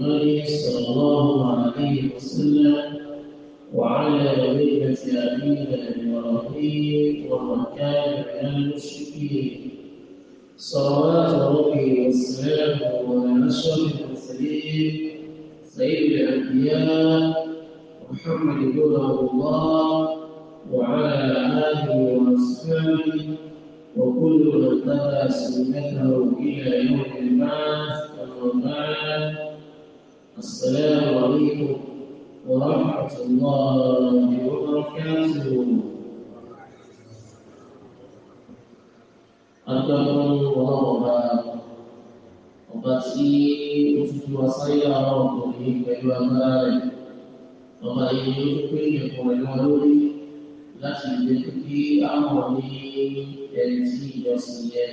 الله صلى الله عليه وسلم وعلى ملة أبينا إبراهيم ومن كان من المشركين صلوات ربي وسلامه على أشرف المرسلين سيد الأنبياء محمد بن الله وعلى آله وأصحابه وكل من تبع سنته إلى يوم البعث أما بعد السلام عليكم ورحمة الله وبركاته أكبر الله ọba tí ó tutù asáyà ọkùnrin pẹ̀lú agbára rẹ̀ ọba yìí ó pé ẹ̀kọ́ ẹ̀wọ̀n lórí láti lè kí àwọn ní ẹni tí ìjọsìn yẹ.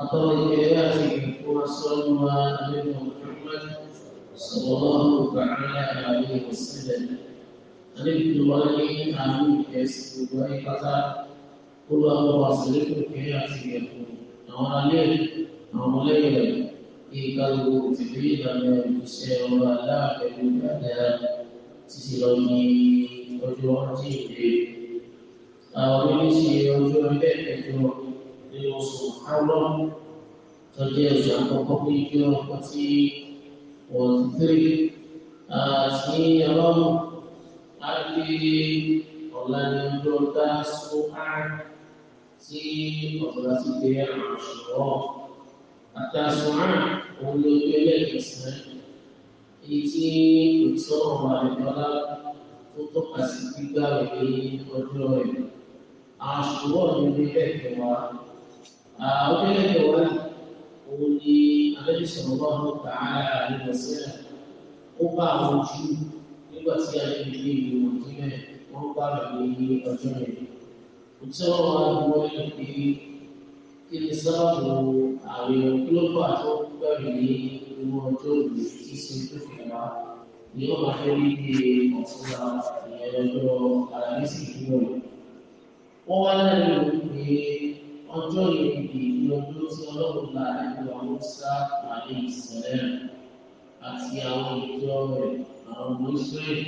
Atọ́lẹ̀ ìgbẹ́ láti ìfowópamọ́sọ́nù wa nínú ìfowópamọ́sọ́nù. صلى الله تعالى عليه وسلم ألف دواني أمين Allah دواني كتا كل أواصلكم كياتي يكون نوالي نوالي ikalu tibili lọ́nà ìṣe ọba aláàbẹ̀wò dáadáa títí lọ ní ọjọ́ ọtí ìdè. Àwọn oníṣe ọjọ́ ilé ẹ̀jọ́ nínú oṣù Hálọ́ tọ́jú ẹ̀jọ́ àkọ́kọ́ pé kí ọkọ̀ tí وتكثري سيرا أبي ولن تلتسوا sí ọ̀dọ̀ sí pé àṣọ àtàṣùmá òun ló gbé lẹ́gbẹ̀sán èyí tí ìtọ́nà àrẹ̀dọ́lá tó tọ́ka sí gbígbà rẹ̀ ní ọjọ́ rẹ̀ àṣùwọ̀ ló gbé lẹ́gbẹ̀wá àwọn gbé lẹ́gbẹ̀wá òun ni abẹ́lẹ́ sọ̀rọ̀ bá wọn gbà á àríwá sílẹ̀ ó bá àwọn ojú nígbà tí ayẹyẹ ìlú wọn sílẹ̀ wọ́n gbà rẹ̀ ní ọjọ́ yẹn. òtítọ́ wọn wá ní wọ́n lè pé kí ni sáàbù àwọn kílógù àti ọgbẹ́rì ní inú ọjọ́ òní tí ṣe tó fi wá ni wọ́n máa fẹ́ rí pé ọ̀túnla ìyẹn ọjọ́ àlàyé sì fún wọn. wọ́n wá náà ní òun pé ọjọ́ ìrìnbí ní ọdún tí ọlọ́run gba àdúgbò àwọn sá àlẹ́ ìsẹ̀lẹ̀ àti àwọn ìjọ rẹ̀ àwọn ọmọ ìsírẹ̀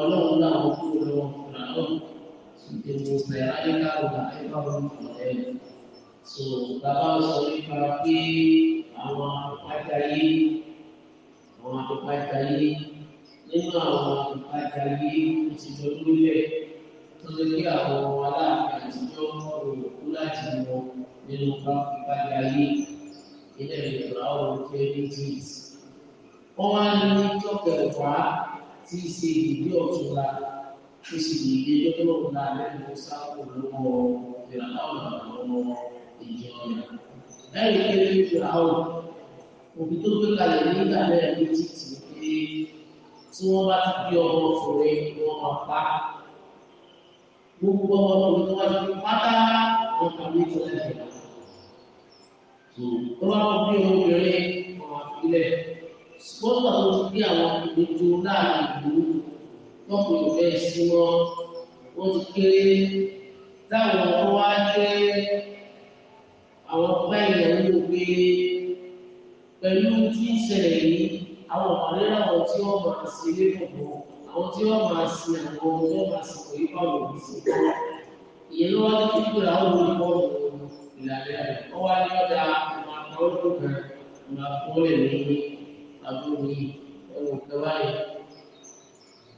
ọlọ́run láwọn kúrò lọ́wọ́ fúnra náà ṣùgbọ́n mo fẹ́ ayélujára ayélujára ìfọ̀lẹ́ so bàbá sọ nípa pé àwọn akọ́kọ́jáyé àwọn akọ́kọ́jáyé nínú àwọn akọ́kọ́jáyé ti lọ lórílẹ̀ tó lè kí àwọn ọmọ aláàfin àtijọ́ òòlù láti wọ nínú pàápàá ayé ilé ìtura ọ̀rọ̀ kẹ́rìndínlẹ́s. wọ́n wá ní jọ́kẹ̀wá tí í ṣe ìdí ọ̀túnla tó sì ní ilé jọ́kẹ̀wá náà lẹ́nu sáfù lọ́wọ́ ìrànlọ́wọ́ àwọn ìjọ rẹ̀. lẹ́yìn kéré ìtura ọ̀rọ̀ òbí tó gbé kalẹ̀ nígbà náà ní títì pé tí wọ́n bá ti bí ọmọ ọkùnrin gbogbo ọmọ ọdún tó wá sí pátá wọn kà ní ìtọ́ ẹ̀sẹ̀ náà. tó bá wọn bí obìnrin ọmọ ìpínlẹ̀ spọ́nà tó ti bí àwọn ètò láàrin ìlú tọ́pọ̀ ìfẹ́ sí wọn wọ́n ti kéré táwọn ọmọ wa jẹ́ àwọn ọ̀pá ìyàwó gbé pẹ̀lú tí ń ṣẹlẹ̀ yìí àwọn ọ̀pá tí wọ́n máa ń ṣe lé àwọn tí wọ́n máa sin àwọn ohun wọ́n máa sin òye báwo ní sí ìyẹn ló wá ní kíkú làwọn olùkọ́ ìlànà rẹ̀ wọ́n wá ní ọjà ìmọ̀ àkọ́rọ́ tó kàn ìmọ̀ àkọ́rọ́ lè ní àbúrò yìí ẹ̀wọ̀n kẹwàá yìí.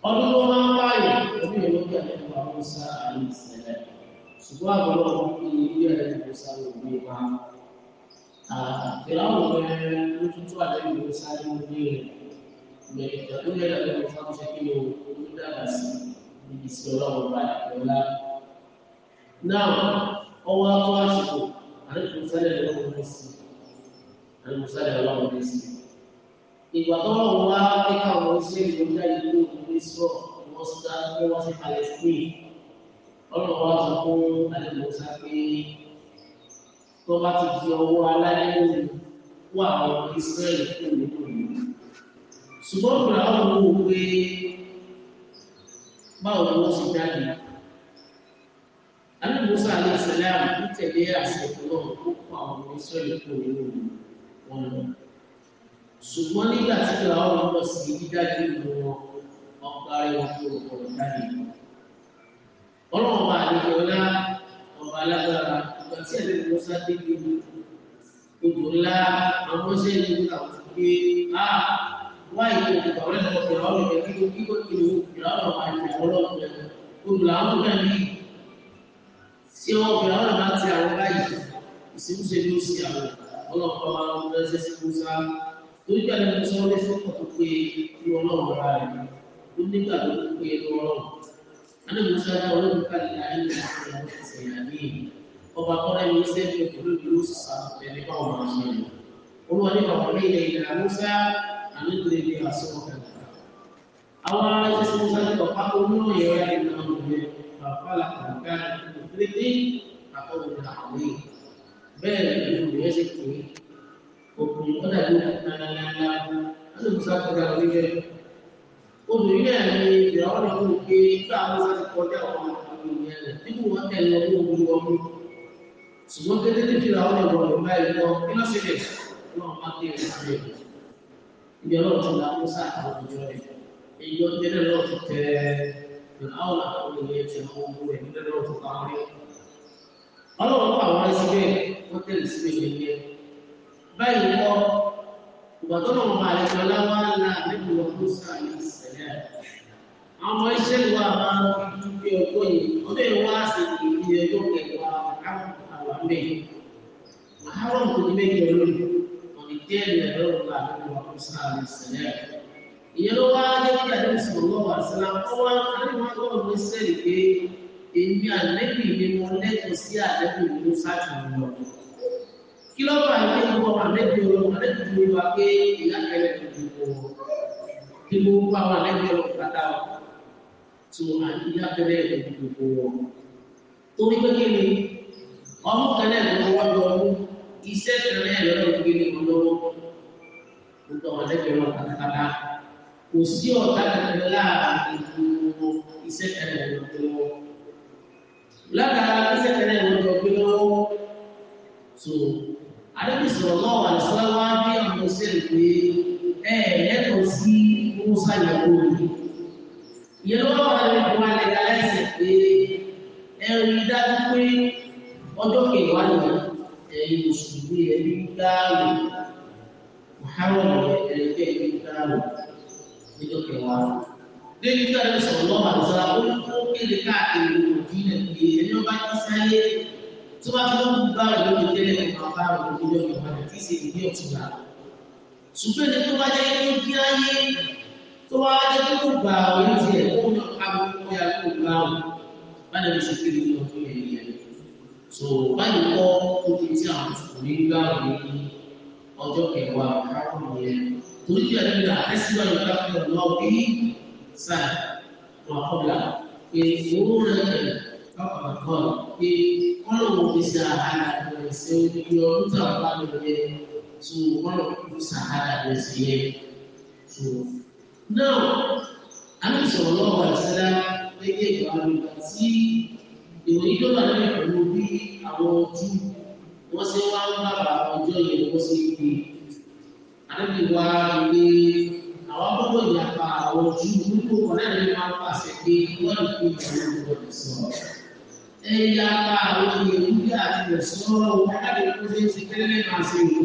ọdún tó máa ń wáyé omi ìlú kí àwọn ọmọ àwọn sá àyè ìṣẹ̀lẹ̀ ṣùgbọ́n àwọn ọmọ ilé rẹ̀ kò sáré òbí pa àtìláwọ̀ rẹ̀ ló tuntun àlẹ́ ìlú sáré òbí rẹ̀ ìgbẹ̀lẹ̀kẹ̀kúnlẹ̀ náà ló fọ́n ṣe kí o ń dàgbà sí ibi sí ọlọ́run bá ìpínlá. náà ọwọ́ tó àsìkò àríkù sálẹ̀ lọ́wọ́ ní sí àríkù sálẹ̀ lọ́wọ́ ní sí. ìgbà tó wọ́n Palestine ọlọ́run wá sọ fún àdìmọ̀ di ọwọ́ alálẹ́ wà àwọn Israẹli kúrò nínú ìlú ṣùgbọ́n ìgbà àwọn owó pé báwo ni wọ́n ti jáde alábòsà aláṣẹláàmù ń tẹ̀lé àṣẹ ọlọ́run tó kọ àwọn ọmọ ìsọ̀rọ̀ kò ní òun wọn lọ ṣùgbọ́n nígbà tí ìgbà àwọn ọmọ sì dídájú ìlú wọn ọ̀pọ̀ ariwo tó ọ̀pọ̀ jáde ọlọ́run bá àlejò ọlá ọba alágbára ìgbà tí ẹ̀rọ ìmọ̀sá débi odò ńlá àwọn ọmọ àwọn ti gbé ah, wáyé ní àgbà wọn lọ sí ọ̀rọ̀ rẹ̀ kí ó kíkó kí ó ìrọ̀rọ̀ máa ti àwọn ọlọ́run rẹ̀ olùlà àwọn náà ní sí ọ ìrọ̀rọ̀ máa ti àwọn báyìí ìsìnkúṣe ló sì àwọn ọlọ́pàá máa ń lọ sí ìsìnkúṣá torí bí àwọn ẹni sọ́wọ́lé fọ́pọ̀ tó pé ní ọlọ́run ra rẹ̀ ó nígbà tó pé ní ọlọ́run anábìsá ní ọlọ́run káàdì láàyè ní àwọn ẹ̀sẹ̀ ìyàní ọba kọ́lá ẹni sẹ́yìn pẹ̀lú ìlú sàbẹ̀lẹ̀ báwọn máa ń ṣe olúwa nípa ọ̀rẹ́ ilẹ̀ ìlànà alilele asọka awa sisimisan tọ kako nyo yẹrẹ yi na mo yẹ papa la ko ka ko pirete kakọ wo na awo yi bẹ́ẹ̀ o yẹ se ko yi o kun o da do nananana alo musa ko da o yẹ obìnrin náà ní ìyá ọ̀rọ̀ ló gbé ká musa ti kọjá ọmọ àwọn ènìyàn rẹ̀ nínú wọn tẹ̀lé ọmọ ṣùgbọ́n kété tí ìyá ọ̀rọ̀ lọ́wọ́ báyìí lọ kí lọ́sibẹ̀ náà má kéwòn síbẹ̀ ibi ọlọ́run ti la musa àwọn que rẹ̀ èyí ló ń tẹ́lẹ̀ lọ́wọ́ ti tẹ àwọn àwọn ènìyàn ti àwọn ọmọ rẹ̀ nílẹ̀ lọ́wọ́ ti pa wọn rí. ọlọ́run kọ́ àwọn ẹsẹ̀ wọ́n tẹ̀lé síbi ìgbẹ́gbẹ́ báyìí kọ́ ìgbà tó lọ́wọ́ máa lẹ́jọ́ láwọn ńlá níbi wọn musa ní ìṣẹ̀lẹ̀ àwọn ọmọ iṣẹ́ ìwà máa ń fi dúpẹ́ ọkọ yìí ọdún yìí wá sí ìdílé ẹjọ́ kẹwàá àwọn àwọn àmì àwọn àmì kò ní méjì ọlọ́run díẹ̀ ní ẹ̀rọ ọ̀gá àdúgbò àkọsílẹ̀ àmì ìṣẹ̀lẹ̀. ìyẹn ló wá dé kí àdéhùn sọ̀rọ̀ lọ́wọ́ àṣìlá ó wá àdéhùn wá lọ́wọ́ ní sẹ́ẹ̀lì pé èmi àlẹ́bì ni mo lẹ́tọ̀ọ́ sí àdéhùn ìlú sáàtì lọ. kí ló bá ilé ìwọ àlẹ́bì ọ̀rọ̀ àlẹ́bì ló wá pé ìyá kẹlẹ̀ tó ti wọ̀ kí ló bá wà àlẹ́bì ọ̀rọ̀ pátá tó ìyá kẹlẹ̀ tó ti wọ̀ torí pé kí ni ọmọ kẹlẹ̀ ló wọ́n lọ ọdún iṣẹ́ kan náà lọ́dọ̀ gbé ní wọn lọ́wọ́ gbogbo àwọn ẹlẹ́gbẹ́ wọn pátápátá kò sí ọ̀tá kankan láàrin ìlú iṣẹ́ kan náà lọ́dọ̀ gbé lọ́wọ́ látara iṣẹ́ kan náà lọ́dọ̀ gbé lọ́wọ́ tó adébí sọ̀rọ̀ náà wà lọ́sọ̀rọ̀ wá bí àwọn òṣèlú pé ẹ lẹ́tọ̀ọ́ sí musa yàgò yìí ìyẹn lọ́wọ́ wà lẹ́kọ̀ọ́ wà lẹ́ka láìsẹ̀ pé ẹ rí pé ọjọ́ kẹwàá nìyẹn ẹ̀yin mùsùlùmí ẹ̀mí ń dáàrò muhammadu ẹ̀ẹ́dẹ́gbẹ́ ẹ̀mí ń dáàrò níjọ́ kẹwàá. débi tó ẹni sọ̀rọ̀ lọ́wọ́ àdúrà ó ń kó kéde káàkiri òbí nà pé ẹni ọba ti sáyé tó bá tó ń bá rẹ̀ lórí tẹ́lẹ̀ ọba bá rẹ̀ lórí lọ́wọ́ ìbàdàn tí ìṣe ìdí ọ̀túnba. ṣùgbọ́n ẹni tó bá jẹ́ kí ó kí ayé tó wá jẹ́ kí ó gbà orí tiẹ̀ kó ní agbóhùn ya kó gbà ó. báyìí ló ṣe kéde ọdún yẹn yẹn. so báyìí kọ́ tó fi tí àwọn mùsùlùmí gbà wọ ní ọjọ́ kẹwàá káàkiri yẹn torí kí ẹni rà ẹsíwájú káàkiri ọ̀nà ọ̀bí sáà wọn kọ́bla pé owó rẹ̀ káàkiri kọ́ pé kọ́lọ̀ wọn fi ṣe àhàlà rẹ̀ ṣe ojú ọdún tí àwọn bá lò yẹ tó kọ́lọ̀ kú sàhàlà rẹ̀ ṣe yẹ tó. náà àmì sọ̀rọ̀ lọ́wọ́ àṣẹlá gẹ́gẹ́ ìgbà àlùkà tí ìròyìn tó bá lẹ́yìn pẹ̀lú bí àwọn ojú wọ́n ṣe wá ń bàbà ọjọ́ yẹn kó ṣe pé àdébí wá ilé àwọn gbọ́dọ̀ yàgbà àwọn ojú gbogbo kan náà ní wọ́n pàṣẹ pé wọ́n lè fi ìjọba ìjọba sọ. ẹ̀yà bá àwọn èèyàn ní àti ìsọ̀rọ̀ wọn láti kó ṣe ti tẹ́lẹ̀ máa ṣe wò.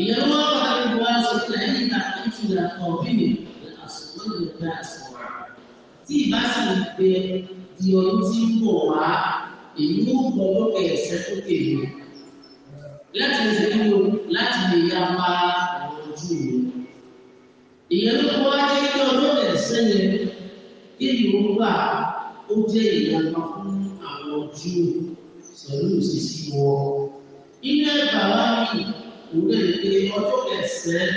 ìyẹn wọn bá wọn wá sọ pé lẹ́yìn ìgbà tó ti rà kàn bí mi àsùnwó lè dá tí ìbá èyí ó mọ lọ́kẹ̀ ẹ̀sẹ̀ tó kéde láti lè ṣe nínú láti lè yá pa ọ̀rọ̀ ojú ìlú. ìyẹn ló kọ́ ajé kí ọdún ẹ̀sẹ̀ yẹn kí ìlú wà ó jẹ́ ìyàpá fún àwọn ojú pẹ̀lú òṣìṣì wọn. Inú ẹgbà wá ní òwe pé ọjọ́ kẹsàn-án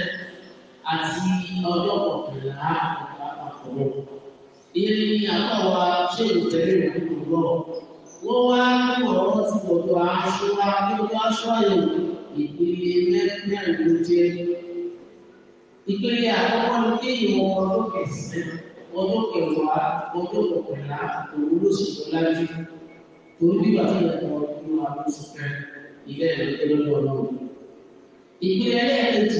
àti ọjọ́ kọkànlá àpapọ̀. Ìyẹn ni àbáwa ṣé ìtẹ̀lé ìwé gbogbo wọ́n wá ní ọ̀rọ̀ ti gbọ̀dọ̀ aṣọra ní ọjọ́ aṣọ́yẹ̀ ìpele mẹ́rin ló jẹ́. Ìpele àkọ́kọ́ ni kéèyàn ọdún kẹsàn-án, ọdún kẹwàá, ọdún kọkànlá, òun ló sì tó lájú. Torí bí wàá fún ẹ̀kọ́ ọdún àkóso kan, ilé ẹ̀rọ tó lọ́wọ́ náà. Ìpele ẹlẹ́ẹ̀kejì,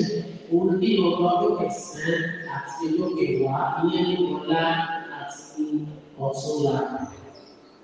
òun ní ọgbà ọdún kẹsàn-án àti ọdún kẹwàá, ilé ẹ̀rọ ńlá àti ọ̀túnla.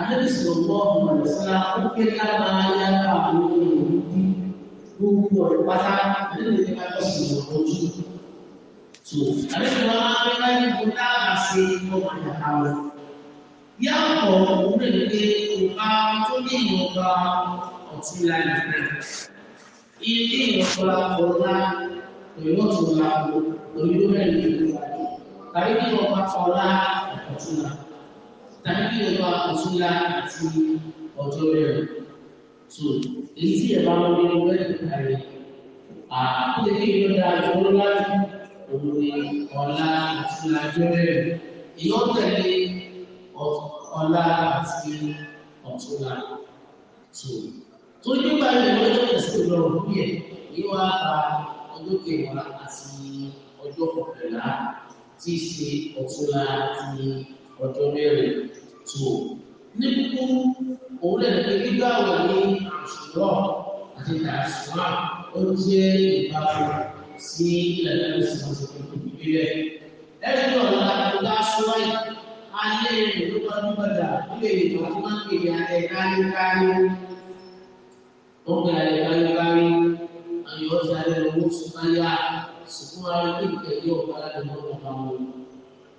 Anabi sallallahu alaihi wasallam ó ké lára ayé ká àwọn olùdí gbogbo ọ̀rọ̀ pátá nínú ìgbà tó sì wọ̀ lójú. So, àbẹ̀sẹ̀ wọn á rí láyé kó dáàbà sí ọmọ ìyàtà wọn. Yá ọ̀pọ̀ òun rẹ̀ pé ìpa tó ní ìwọ̀nba ọ̀tí láyé rẹ̀. Iye kí ìwọ̀nba ọ̀la pẹ̀lú ọ̀tún ọ̀la pẹ̀lú ló mẹ́rin ìwọ̀nba. Tàbí kí ìwọ̀nba tàbí kí ẹ àti ọjọ́ bẹ̀rẹ̀. So èyí tí ẹ wọn ní ọwọ́ ẹ̀ka rẹ̀ àkókò kí ìlú da ìfowó láti òwe ọ̀la àti àjọ rẹ̀. Ìyọ́ tẹ̀lé ọ̀la àti ọ̀túnlá. So tó nígbà yẹn lọ́jọ́ ìsìn lọ òbí ẹ̀ ní wàá ka ọjọ́ kẹwàá àti ọjọ́ kọkànlá tí í ṣe ọ̀túnlá àti ọ̀túnlá wọ́n tó béèrè tó ní kúkú òun lè ní gbígbà wọ̀ ní àṣùrọ̀ àti tàṣùmá ó jẹ́ ìbáfọ̀ sí ilẹ̀ lẹ́nu sí ọ̀sẹ̀ tó kù níbẹ̀. lẹ́yìn ọ̀la ìgbà aṣọ́wá yìí alẹ́ ìlú ọdún padà ilé ìgbà tí wọ́n ń pè ní alẹ́ káríkárí. ó ń gbé alẹ́ káríkárí àyọ̀ ọ̀sẹ̀ alẹ́ lọ́wọ́ yá ṣùgbọ́n alẹ́ kékeré ọ̀gá alẹ́ lọ́wọ́ ọ̀gá wọn.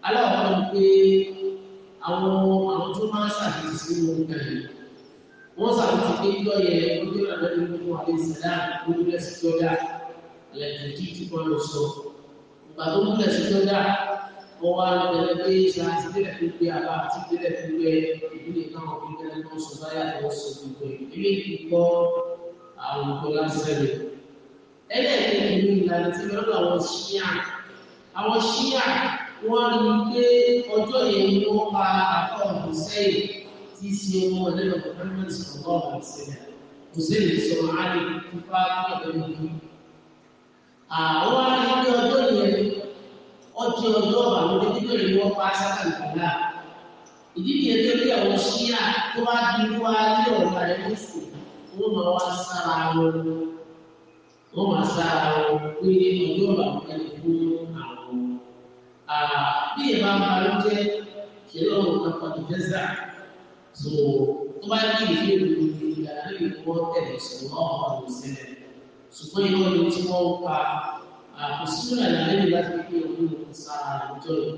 aláwọ̀ àwọn àwọn tó máa ń ṣàkíyèsí sí wọn kẹrin wọn ṣàkíyèsí pé yíyọ yẹ ojú ọ̀nà ní gbogbo àti ìṣẹ̀dá lórí ẹ̀sìn tó dá lẹ́tẹ̀kì tí wọ́n lọ sọ ìgbà tó mú ẹ̀sìn tó dá wọn wá lọ tẹ̀lé pé ṣáàtì tẹ̀lé tó gbé àbá àti tẹ̀lé tó gbé ìdílé káwọn fi tẹ̀lé tó sọ báyà tó sọ gbogbo ìdílé kì í àwọn tó lásẹ̀lẹ̀ ẹlẹ́ẹ̀kejì ní ìlànà tí lọ àwọn ṣíà àwọn ṣíà wọ́n rí i pé ọjọ́ yẹn ni wọ́n pa àkọ́ ọ̀hún sẹ́yìn tí í ṣe ọmọ ọ̀lẹ́nu Muhammad sọ̀rọ̀ ọ̀hún sẹ́yìn Hussein sọ̀rọ̀ Ali nípa ọ̀dọ́mọ yìí. Àwọn aráàlú ọjọ́ yẹn ọjọ́ ọjọ́ àwọn onídìbò ni wọ́n pa sákàlùkàlà. Ìdí nìyẹn tó bí àwọn ṣíà tó bá di wá ní ọ̀gá ẹ̀ lóṣù wọ́n máa wá sára wọn. Wọ́n máa sára wọn pé ọjọ́ àwọn Ah, bí ìbá máa ló jẹ́ kìlọ̀ ọ̀pọ̀ tó fẹ́ sà tó tó bá ní ìdílé ìlú ìlànà ìwọ́ tẹ̀lé sọ̀rọ̀ ọ̀pọ̀ tó sẹ́lẹ̀ ṣùgbọ́n ìwọ́ ni ah, tí wọ́n pa àkóso ìlànà ìlú láti fi owó sa àwùjọ yìí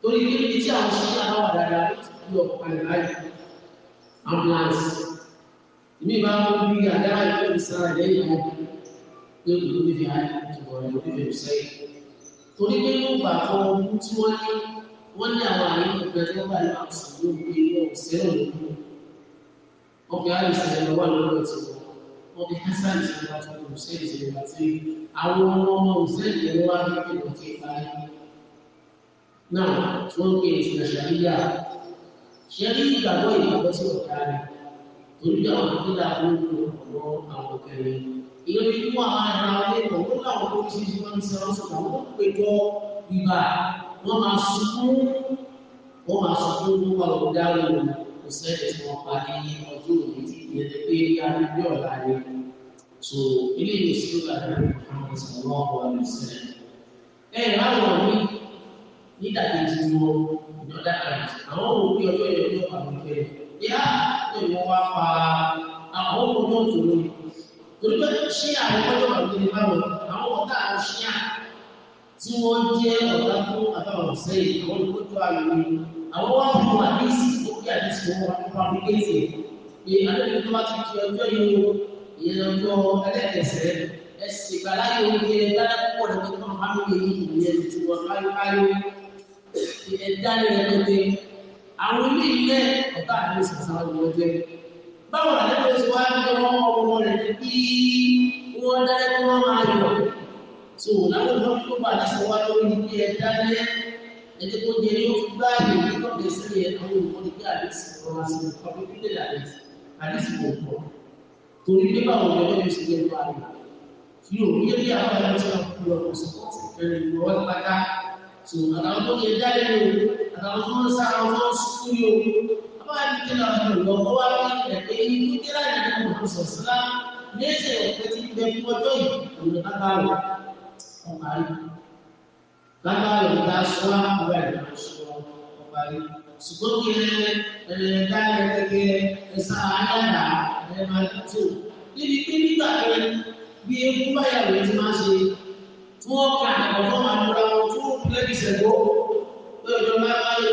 torí pé ibi tí àwọn ṣíṣe àwọn wà dáadáa ló ti ọ̀pọ̀ kalẹ̀ láyé ambulance ìmí ìbá wọn bí àdáhà ìlú ìsára lẹ́yìn àwọn pé òdòdó fífi àyè tó wọ̀ torí pé yóò gbà fọ ohun tí wọ́n ní wọ́n ní àwọn àyè ìgbẹ́ tó bá yọ àwòsàn ló gbé ilé ọ̀sẹ̀ òun mú ọkọ̀ àìsàn ẹ̀rọ wà lọ́wọ́ ti wọ́n ní hasan ti wá tó kò sí ìṣẹ̀lẹ̀ wá àwọn ọmọ ọmọ òṣèlú ìṣẹ̀lẹ̀ wá ní ìgbà tí náà tí wọ́n ń pè é ìṣẹ̀lẹ̀ ṣàríyá ṣẹ́rí ìgbàgbọ́ ìgbàgbọ́ sí ọ̀gá rẹ̀ torí àwọn ìpínlẹ̀ àbúrò ọ̀rọ̀ àwọn òkèrè ìyẹn ní wọ́n máa ra ilé pọ̀ wọ́n láwọn tó ti ṣe wọ́n ti ṣe wọ́n sọ̀rọ̀ wọ́n pè jọ ìgbà wọ́n máa sunkún wọ́n máa sunkún ní wọ́n lọ dárí o kò sẹ́yìn tí wọ́n parí ọjọ́ òní tí ìyẹn ti pé arábí ọ̀la rẹ̀ so ilé ìwòsàn ló bàtà àwọn ìṣòro ọ̀rọ̀ ọ̀rọ̀ ìṣẹ̀lẹ̀ ẹ̀ láwọn mi nídàkejì bíá ni mo wá pa àwọn ọmọ náà tó lórí torí pé ṣí àwọn ọjọ́ àgbẹ̀ ní báwọn àwọn ọ̀tá ṣíà tí wọ́n jẹ́ ọ̀tá fún àtàwọn ọ̀sẹ̀yìn àwọn olùkójú àlùmí àwọn wá fún àdéhìsì tó kí àdéhìsì wọn wá fún pàmílẹ́sì pé àdéhìsì tó bá ti di ọjọ́ yìí o ìyẹn ọjọ́ ẹlẹ́kẹsẹ̀ ẹsì ìgbàláyé oúnjẹ dáadáa púpọ̀ nípa àwọn ilé ilé ọ̀tá àdúgbò sàṣàrà wọn jẹ báwo àdúgbò ṣe wá ní wọn ọmọ rẹ ní bí wọn dáná kí wọn máa yọ tó láwọn ìlú tó bá ti sọ wá lórí bí ẹ dáná ẹni tó jẹ ní o gbá yìí ní kọ́kẹ́ sí ẹ àwọn olùkọ́ ní bí àdìsí ọ̀rọ̀ àti ìfọ̀n tó kí lè àdìsí àdìsí kò pọ̀ torí pé báwo ni ọjọ́ ìṣe lè wà lọ fi òun yé bí àwọn ẹni tí wọn kú lọ kò sí kó sì fẹ́rẹ̀ ìwọ wọn pátá tó àtàwọn tó yẹ dáná ní òun àtàwọn tó ń sá àwọn tó ń sùkú ní omi àwọn àdìjẹ́lá ọ̀hún lọ ó wá ní ẹ̀kẹ́ inú jẹ́lá ìdílé ọ̀hún sọ̀sílá léṣe ẹ̀kẹ́ ti gbẹ fún ọjọ́ yìí òun lágbàrò ọ̀pá yìí lágbàrò ìta sọ́ àwọn ẹ̀rọ ìṣòro ọ̀pá yìí ṣùgbọ́n kí ẹ dá ẹ̀kẹ́ ẹ̀sà àyàdà ẹ̀ máa tó níbi pé nígbà yẹn bí ewu báyà rẹ̀ ti máa ṣe tí wọ́n kà àgbọ̀n fún àwọn ọmọ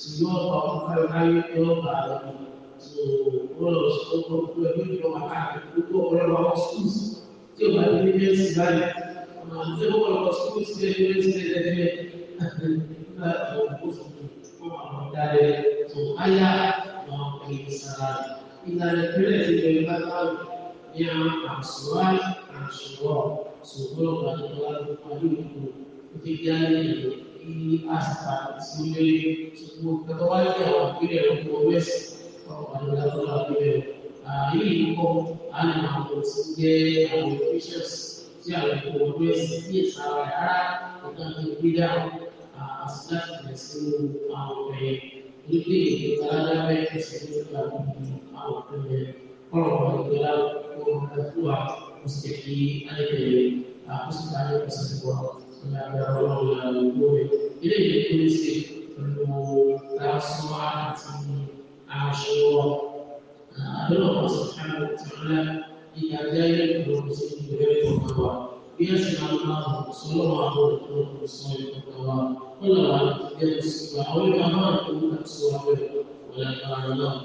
so yóò kọ́ fún káyọ̀káyọ̀ yóò bá a lọ so ó lọ sọ fún ọkọ ẹgbẹ́ ìjọ wà káàkiri gbogbo ọ̀rẹ́ wa wọ́n schools tí o bá dé ní ẹ̀sì báyìí ọmọ àti ẹ̀kọ́ ọ̀rẹ́ wa schools ti ẹ̀kọ́ ẹ̀sì ẹ̀dẹ̀ẹ̀dẹ̀ nígbà tó o kó fún fún àwọn ọ̀dàlẹ̀ tó ayá àwọn ọ̀pẹ̀lẹ̀ sára ìlànà ìpínlẹ̀ ti bẹ̀rẹ̀ látàrí ní àwọn àṣùwá àṣùwọ̀ ṣùgbọ́n ọ̀gá tó wà lóko àdúgbò y hasta escribe su católica o video como es como valorado la video ahí como animamos de ambitious ya lo como es y es ahora tanto vida a estar en su aunque y que cada vez se está aunque por lo que la por la tua mesti ada di aku sebenarnya bisa sebuah لا حول ولا قوة إليه كل شيء أنه تعصوا عاشوا الله سبحانه وتعالى إلى ذلك المسلمين بغير القضاء بأسماء الله صلى الله عليه وسلم ولا يقصد أو الأمر يكون مكسورا ولا كان له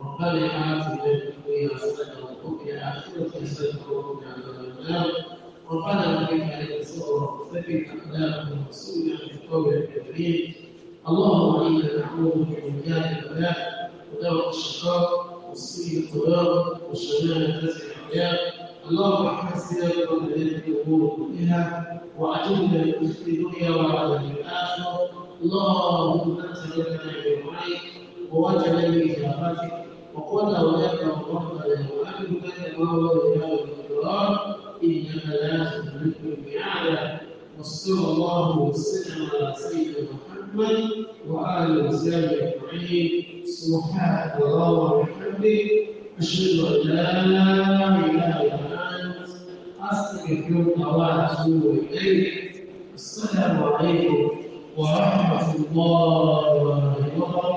وقال آخر يا سلام وقل يا آخر يا سلام وقل يا سلام وقال النبي عليه الصلاه والسلام ثبت اقدامنا وسئل في القول يعني الكريم اللهم انا نعوذ بك من جهل البلاء ودواء الشقاء والسيء القرار والشمال فزع الحياه اللهم احفظ سيرتنا من هذه الامور كلها واعجبنا في الدنيا وعلى الاخره اللهم انت لنا بوعيك ووجعلني اجابتك وقل اولادنا وقرنا له وامن هو الله وبين القرار إنك لا تملك بأعلى وصلى الله وسلم على سيدنا محمد وآله وسلم أجمعين سبحانك اللهم وبحمدك أشهد أن لا إله إلا أنت أستغفرك وأتوب إليك السلام عليكم ورحمة الله وبركاته